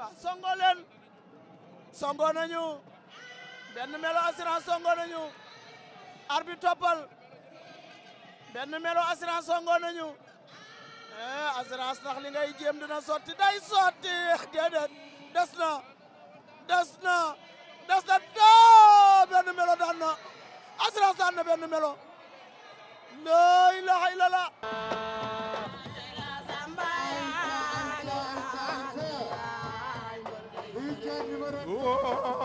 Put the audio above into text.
waaw songo leen songo nañu benn melo assurance songo nañu arbitre toppal benn melo assurance songo nañu eh assurance ndax li ngay jéem dina sotti day sotti déedéet des na des na des na doo benn melo daan na assurance daan na benn la Whoa.